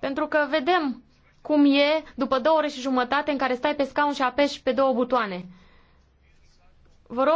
Pentru că vedem cum e după două ore și jumătate în care stai pe scaun și apeși pe două butoane. Vă rog